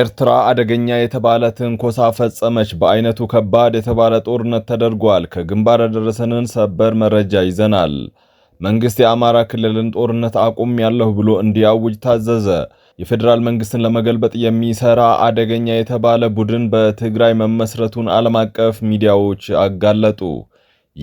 ኤርትራ አደገኛ የተባለ ትንኮሳ ፈጸመች። በአይነቱ ከባድ የተባለ ጦርነት ተደርጓል። ከግንባር ያደረሰንን ሰበር መረጃ ይዘናል። መንግስት የአማራ ክልልን ጦርነት አቁም ያለሁ ብሎ እንዲያውጅ ታዘዘ። የፌዴራል መንግስትን ለመገልበጥ የሚሰራ አደገኛ የተባለ ቡድን በትግራይ መመስረቱን ዓለም አቀፍ ሚዲያዎች አጋለጡ።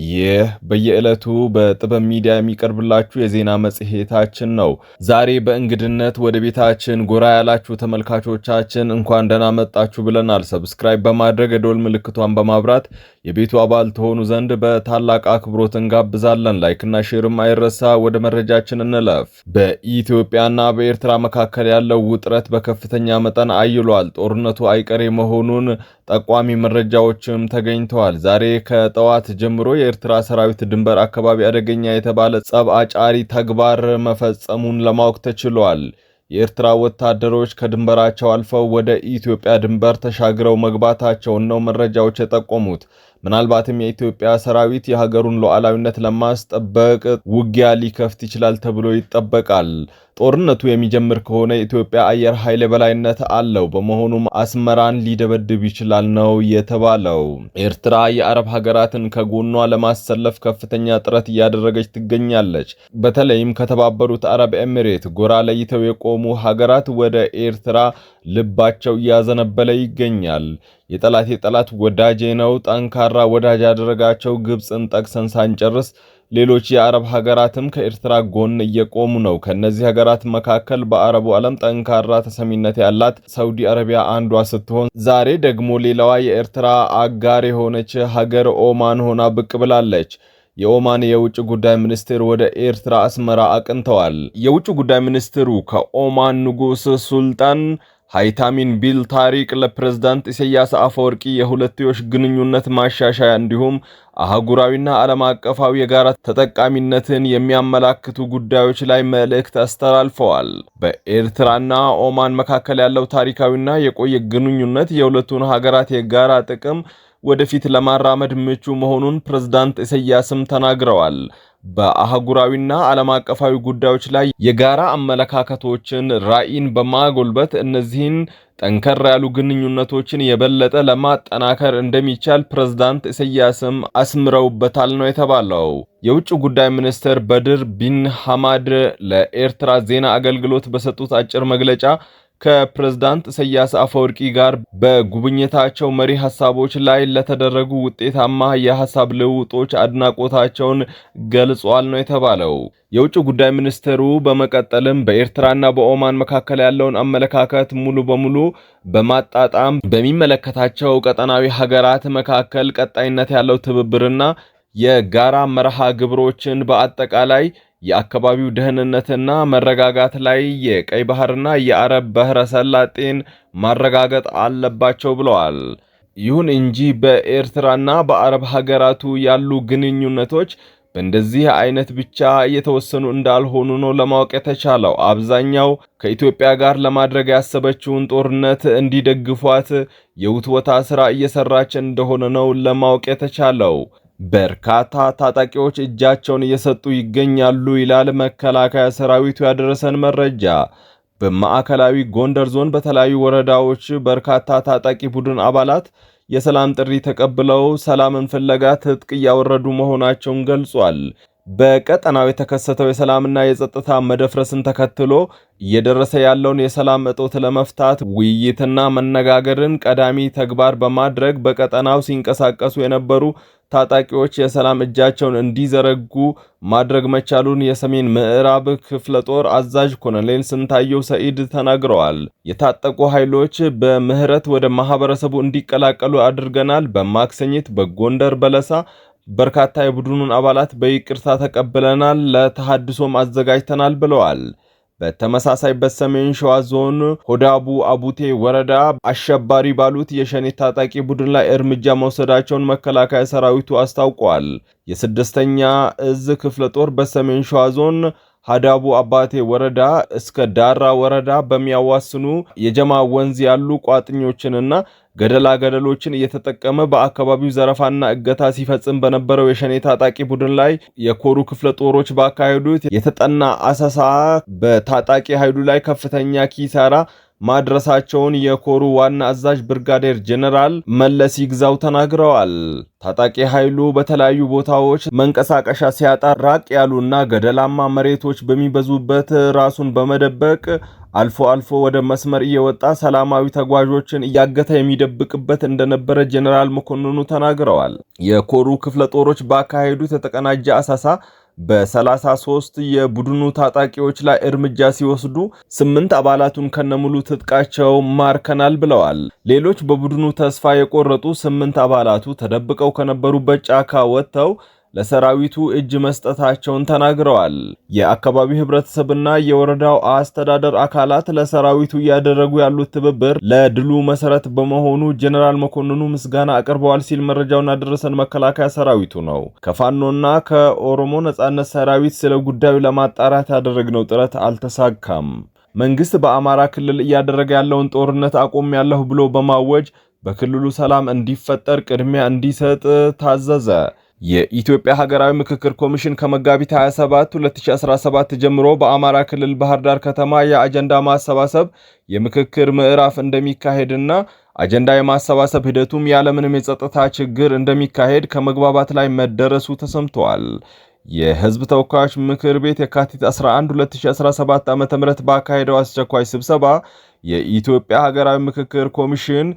ይህ በየዕለቱ በጥበብ ሚዲያ የሚቀርብላችሁ የዜና መጽሔታችን ነው። ዛሬ በእንግድነት ወደ ቤታችን ጎራ ያላችሁ ተመልካቾቻችን እንኳን ደህና መጣችሁ ብለናል። ሰብስክራይብ በማድረግ የደወል ምልክቷን በማብራት የቤቱ አባል ትሆኑ ዘንድ በታላቅ አክብሮት እንጋብዛለን። ላይክና ሼርም አይረሳ። ወደ መረጃችን እንለፍ። በኢትዮጵያና በኤርትራ መካከል ያለው ውጥረት በከፍተኛ መጠን አይሏል። ጦርነቱ አይቀሬ መሆኑን ጠቋሚ መረጃዎችም ተገኝተዋል። ዛሬ ከጠዋት ጀምሮ የኤርትራ ሰራዊት ድንበር አካባቢ አደገኛ የተባለ ጸብ አጫሪ ተግባር መፈጸሙን ለማወቅ ተችሏል። የኤርትራ ወታደሮች ከድንበራቸው አልፈው ወደ ኢትዮጵያ ድንበር ተሻግረው መግባታቸውን ነው መረጃዎች የጠቆሙት። ምናልባትም የኢትዮጵያ ሰራዊት የሀገሩን ሉዓላዊነት ለማስጠበቅ ውጊያ ሊከፍት ይችላል ተብሎ ይጠበቃል። ጦርነቱ የሚጀምር ከሆነ የኢትዮጵያ አየር ኃይል የበላይነት አለው። በመሆኑም አስመራን ሊደበድብ ይችላል ነው የተባለው። ኤርትራ የአረብ ሀገራትን ከጎኗ ለማሰለፍ ከፍተኛ ጥረት እያደረገች ትገኛለች። በተለይም ከተባበሩት አረብ ኤሚሬት ጎራ ለይተው የቆሙ ሀገራት ወደ ኤርትራ ልባቸው እያዘነበለ ይገኛል። የጠላቴ ጠላት ወዳጄ ነው ጠንካራ ወዳጅ ያደረጋቸው ግብፅን ጠቅሰን ሳንጨርስ ሌሎች የአረብ ሀገራትም ከኤርትራ ጎን እየቆሙ ነው። ከእነዚህ ሀገራት መካከል በአረቡ ዓለም ጠንካራ ተሰሚነት ያላት ሳውዲ አረቢያ አንዷ ስትሆን ዛሬ ደግሞ ሌላዋ የኤርትራ አጋር የሆነች ሀገር ኦማን ሆና ብቅ ብላለች። የኦማን የውጭ ጉዳይ ሚኒስትር ወደ ኤርትራ አስመራ አቅንተዋል። የውጭ ጉዳይ ሚኒስትሩ ከኦማን ንጉሥ ሱልጣን ሃይታሚን ቢል ታሪክ ለፕሬዝዳንት ኢሳያስ አፈወርቂ የሁለትዮሽ ግንኙነት ማሻሻያ እንዲሁም አህጉራዊና ዓለም አቀፋዊ የጋራ ተጠቃሚነትን የሚያመላክቱ ጉዳዮች ላይ መልእክት አስተላልፈዋል። በኤርትራና ኦማን መካከል ያለው ታሪካዊና የቆየ ግንኙነት የሁለቱን ሀገራት የጋራ ጥቅም ወደፊት ለማራመድ ምቹ መሆኑን ፕሬዝዳንት ኢሳያስም ተናግረዋል። በአህጉራዊና ዓለም አቀፋዊ ጉዳዮች ላይ የጋራ አመለካከቶችን፣ ራዕይን በማጎልበት እነዚህን ጠንከር ያሉ ግንኙነቶችን የበለጠ ለማጠናከር እንደሚቻል ፕሬዝዳንት ኢሳያስም አስምረውበታል ነው የተባለው። የውጭ ጉዳይ ሚኒስትር በድር ቢን ሐማድ ለኤርትራ ዜና አገልግሎት በሰጡት አጭር መግለጫ ከፕሬዝዳንት ኢሳያስ አፈወርቂ ጋር በጉብኝታቸው መሪ ሀሳቦች ላይ ለተደረጉ ውጤታማ የሀሳብ ልውጦች አድናቆታቸውን ገልጿል ነው የተባለው። የውጭ ጉዳይ ሚኒስትሩ በመቀጠልም በኤርትራና በኦማን መካከል ያለውን አመለካከት ሙሉ በሙሉ በማጣጣም በሚመለከታቸው ቀጠናዊ ሀገራት መካከል ቀጣይነት ያለው ትብብርና የጋራ መርሃ ግብሮችን በአጠቃላይ የአካባቢው ደህንነትና መረጋጋት ላይ የቀይ ባህርና የአረብ ባህረ ሰላጤን ማረጋገጥ አለባቸው ብለዋል። ይሁን እንጂ በኤርትራና በአረብ ሀገራቱ ያሉ ግንኙነቶች በእንደዚህ አይነት ብቻ እየተወሰኑ እንዳልሆኑ ነው ለማወቅ የተቻለው። አብዛኛው ከኢትዮጵያ ጋር ለማድረግ ያሰበችውን ጦርነት እንዲደግፏት የውትወታ ሥራ እየሰራች እንደሆነ ነው ለማወቅ የተቻለው። በርካታ ታጣቂዎች እጃቸውን እየሰጡ ይገኛሉ ይላል መከላከያ ሰራዊቱ ያደረሰን መረጃ። በማዕከላዊ ጎንደር ዞን በተለያዩ ወረዳዎች በርካታ ታጣቂ ቡድን አባላት የሰላም ጥሪ ተቀብለው ሰላምን ፍለጋ ትጥቅ እያወረዱ መሆናቸውን ገልጿል። በቀጠናው የተከሰተው የሰላምና የጸጥታ መደፍረስን ተከትሎ እየደረሰ ያለውን የሰላም እጦት ለመፍታት ውይይትና መነጋገርን ቀዳሚ ተግባር በማድረግ በቀጠናው ሲንቀሳቀሱ የነበሩ ታጣቂዎች የሰላም እጃቸውን እንዲዘረጉ ማድረግ መቻሉን የሰሜን ምዕራብ ክፍለ ጦር አዛዥ ኮሎኔል ስንታየው ሰኢድ ተናግረዋል። የታጠቁ ኃይሎች በምህረት ወደ ማህበረሰቡ እንዲቀላቀሉ አድርገናል። በማክሰኝት፣ በጎንደር በለሳ በርካታ የቡድኑን አባላት በይቅርታ ተቀብለናል፣ ለተሃድሶም አዘጋጅተናል ብለዋል። በተመሳሳይ በሰሜን ሸዋ ዞን ሆዳቡ አቡቴ ወረዳ አሸባሪ ባሉት የሸኔ ታጣቂ ቡድን ላይ እርምጃ መውሰዳቸውን መከላከያ ሰራዊቱ አስታውቋል። የስድስተኛ እዝ ክፍለ ጦር በሰሜን ሸዋ ዞን ሀዳቡ አባቴ ወረዳ እስከ ዳራ ወረዳ በሚያዋስኑ የጀማ ወንዝ ያሉ ቋጥኞችንና ገደላ ገደሎችን እየተጠቀመ በአካባቢው ዘረፋና እገታ ሲፈጽም በነበረው የሸኔ ታጣቂ ቡድን ላይ የኮሩ ክፍለ ጦሮች ባካሄዱት የተጠና አሰሳ በታጣቂ ኃይሉ ላይ ከፍተኛ ኪሳራ ማድረሳቸውን የኮሩ ዋና አዛዥ ብርጋዴር ጄኔራል መለስ ይግዛው ተናግረዋል። ታጣቂ ኃይሉ በተለያዩ ቦታዎች መንቀሳቀሻ ሲያጣ ራቅ ያሉና ገደላማ መሬቶች በሚበዙበት ራሱን በመደበቅ አልፎ አልፎ ወደ መስመር እየወጣ ሰላማዊ ተጓዦችን እያገተ የሚደብቅበት እንደነበረ ጄኔራል መኮንኑ ተናግረዋል። የኮሩ ክፍለ ጦሮች ባካሄዱት የተቀናጀ አሳሳ በ33 የቡድኑ ታጣቂዎች ላይ እርምጃ ሲወስዱ ስምንት አባላቱን ከነሙሉ ትጥቃቸው ማርከናል ብለዋል። ሌሎች በቡድኑ ተስፋ የቆረጡ ስምንት አባላቱ ተደብቀው ከነበሩበት ጫካ ወጥተው ለሰራዊቱ እጅ መስጠታቸውን ተናግረዋል። የአካባቢው ህብረተሰብና የወረዳው አስተዳደር አካላት ለሰራዊቱ እያደረጉ ያሉት ትብብር ለድሉ መሰረት በመሆኑ ጀኔራል መኮንኑ ምስጋና አቅርበዋል ሲል መረጃውን ያደረሰን መከላከያ ሰራዊቱ ነው። ከፋኖና ከኦሮሞ ነጻነት ሰራዊት ስለ ጉዳዩ ለማጣራት ያደረግነው ጥረት አልተሳካም። መንግስት በአማራ ክልል እያደረገ ያለውን ጦርነት ያለሁ ብሎ በማወጅ በክልሉ ሰላም እንዲፈጠር ቅድሚያ እንዲሰጥ ታዘዘ። የኢትዮጵያ ሀገራዊ ምክክር ኮሚሽን ከመጋቢት 27 2017 ጀምሮ በአማራ ክልል ባህር ዳር ከተማ የአጀንዳ ማሰባሰብ የምክክር ምዕራፍ እንደሚካሄድና አጀንዳ የማሰባሰብ ሂደቱም ያለምንም የጸጥታ ችግር እንደሚካሄድ ከመግባባት ላይ መደረሱ ተሰምተዋል። የህዝብ ተወካዮች ምክር ቤት የካቲት 11 2017 ዓ.ም ባካሄደው አስቸኳይ ስብሰባ የኢትዮጵያ ሀገራዊ ምክክር ኮሚሽን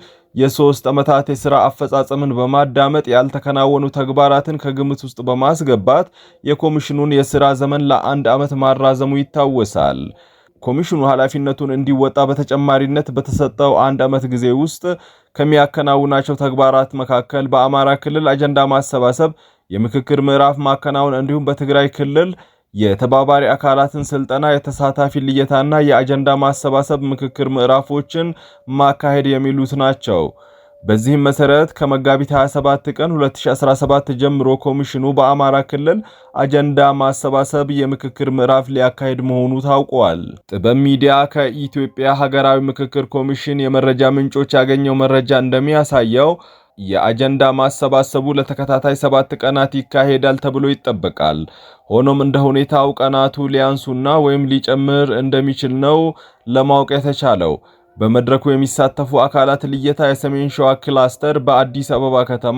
የሶስት ዓመታት የሥራ አፈጻጸምን በማዳመጥ ያልተከናወኑ ተግባራትን ከግምት ውስጥ በማስገባት የኮሚሽኑን የሥራ ዘመን ለአንድ ዓመት ማራዘሙ ይታወሳል። ኮሚሽኑ ኃላፊነቱን እንዲወጣ በተጨማሪነት በተሰጠው አንድ ዓመት ጊዜ ውስጥ ከሚያከናውናቸው ተግባራት መካከል በአማራ ክልል አጀንዳ ማሰባሰብ፣ የምክክር ምዕራፍ ማከናወን እንዲሁም በትግራይ ክልል የተባባሪ አካላትን ስልጠና፣ የተሳታፊ ልየታና የአጀንዳ ማሰባሰብ ምክክር ምዕራፎችን ማካሄድ የሚሉት ናቸው። በዚህም መሰረት ከመጋቢት 27 ቀን 2017 ጀምሮ ኮሚሽኑ በአማራ ክልል አጀንዳ ማሰባሰብ የምክክር ምዕራፍ ሊያካሄድ መሆኑ ታውቋል። ጥበብ ሚዲያ ከኢትዮጵያ ሀገራዊ ምክክር ኮሚሽን የመረጃ ምንጮች ያገኘው መረጃ እንደሚያሳየው የአጀንዳ ማሰባሰቡ ለተከታታይ ሰባት ቀናት ይካሄዳል ተብሎ ይጠበቃል። ሆኖም እንደ ሁኔታው ቀናቱ ሊያንሱና ወይም ሊጨምር እንደሚችል ነው ለማወቅ የተቻለው። በመድረኩ የሚሳተፉ አካላት ልየታ የሰሜን ሸዋ ክላስተር በአዲስ አበባ ከተማ፣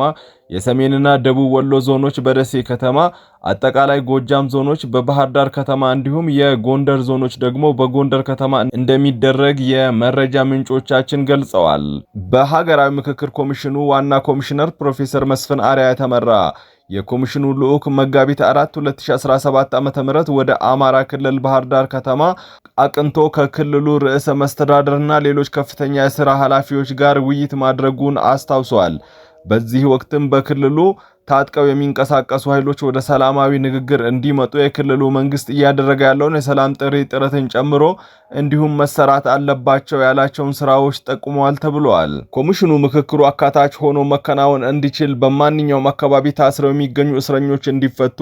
የሰሜንና ደቡብ ወሎ ዞኖች በደሴ ከተማ፣ አጠቃላይ ጎጃም ዞኖች በባህር ዳር ከተማ እንዲሁም የጎንደር ዞኖች ደግሞ በጎንደር ከተማ እንደሚደረግ የመረጃ ምንጮቻችን ገልጸዋል። በሀገራዊ ምክክር ኮሚሽኑ ዋና ኮሚሽነር ፕሮፌሰር መስፍን አሪያ የተመራ የኮሚሽኑ ልዑክ መጋቢት 4 2017 ዓ.ም ወደ አማራ ክልል ባህር ዳር ከተማ አቅንቶ ከክልሉ ርዕሰ መስተዳደርና ሌሎች ከፍተኛ የሥራ ኃላፊዎች ጋር ውይይት ማድረጉን አስታውሰዋል። በዚህ ወቅትም በክልሉ ታጥቀው የሚንቀሳቀሱ ኃይሎች ወደ ሰላማዊ ንግግር እንዲመጡ የክልሉ መንግስት እያደረገ ያለውን የሰላም ጥሪ ጥረትን ጨምሮ እንዲሁም መሰራት አለባቸው ያላቸውን ስራዎች ጠቁመዋል ተብለዋል። ኮሚሽኑ ምክክሩ አካታች ሆኖ መከናወን እንዲችል በማንኛውም አካባቢ ታስረው የሚገኙ እስረኞች እንዲፈቱ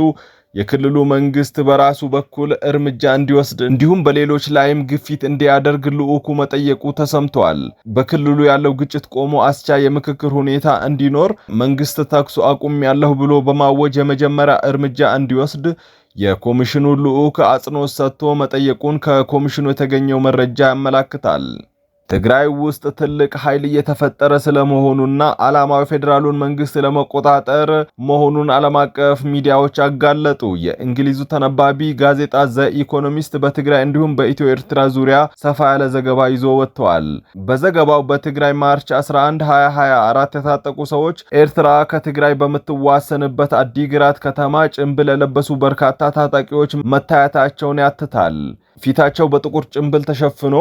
የክልሉ መንግስት በራሱ በኩል እርምጃ እንዲወስድ እንዲሁም በሌሎች ላይም ግፊት እንዲያደርግ ልዑኩ መጠየቁ ተሰምተዋል። በክልሉ ያለው ግጭት ቆሞ አስቻ የምክክር ሁኔታ እንዲኖር መንግስት ተኩስ አቁም ያለሁ ብሎ በማወጅ የመጀመሪያ እርምጃ እንዲወስድ የኮሚሽኑ ልዑክ አጽንኦት ሰጥቶ መጠየቁን ከኮሚሽኑ የተገኘው መረጃ ያመላክታል። ትግራይ ውስጥ ትልቅ ኃይል እየተፈጠረ ስለመሆኑና ዓላማው ፌዴራሉን መንግስት ለመቆጣጠር መሆኑን ዓለም አቀፍ ሚዲያዎች አጋለጡ። የእንግሊዙ ተነባቢ ጋዜጣ ዘ ኢኮኖሚስት በትግራይ እንዲሁም በኢትዮ ኤርትራ ዙሪያ ሰፋ ያለ ዘገባ ይዞ ወጥተዋል። በዘገባው በትግራይ ማርች 11 2024 የታጠቁ ሰዎች ኤርትራ ከትግራይ በምትዋሰንበት አዲግራት ከተማ ጭንብል የለበሱ በርካታ ታጣቂዎች መታየታቸውን ያትታል። ፊታቸው በጥቁር ጭንብል ተሸፍኖ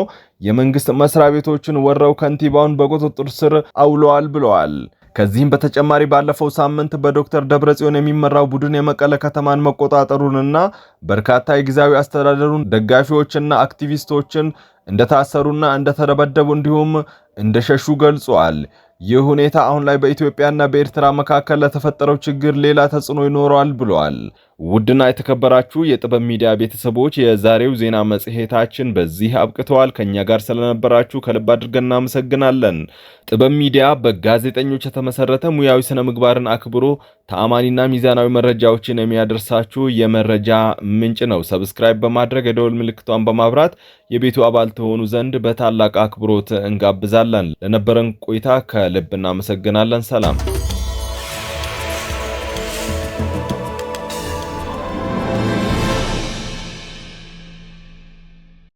የመንግስት መስሪያ ቤቶችን ወረው ከንቲባውን በቁጥጥር ስር አውለዋል ብለዋል። ከዚህም በተጨማሪ ባለፈው ሳምንት በዶክተር ደብረጽዮን የሚመራው ቡድን የመቀለ ከተማን መቆጣጠሩንና በርካታ የጊዜያዊ አስተዳደሩን ደጋፊዎችና አክቲቪስቶችን እንደታሰሩና እንደተደበደቡ እንዲሁም እንደሸሹ ገልጿል። ይህ ሁኔታ አሁን ላይ በኢትዮጵያና በኤርትራ መካከል ለተፈጠረው ችግር ሌላ ተጽዕኖ ይኖረዋል ብለዋል። ውድና የተከበራችሁ የጥበብ ሚዲያ ቤተሰቦች የዛሬው ዜና መጽሔታችን በዚህ አብቅተዋል። ከእኛ ጋር ስለነበራችሁ ከልብ አድርገን እናመሰግናለን። ጥበብ ሚዲያ በጋዜጠኞች የተመሰረተ ሙያዊ ስነ ምግባርን አክብሮ ተአማኒና ሚዛናዊ መረጃዎችን የሚያደርሳችሁ የመረጃ ምንጭ ነው። ሰብስክራይብ በማድረግ የደወል ምልክቷን በማብራት የቤቱ አባል ተሆኑ ዘንድ በታላቅ አክብሮት እንጋብዛለን። ለነበረን ቆይታ ከልብ እናመሰግናለን። ሰላም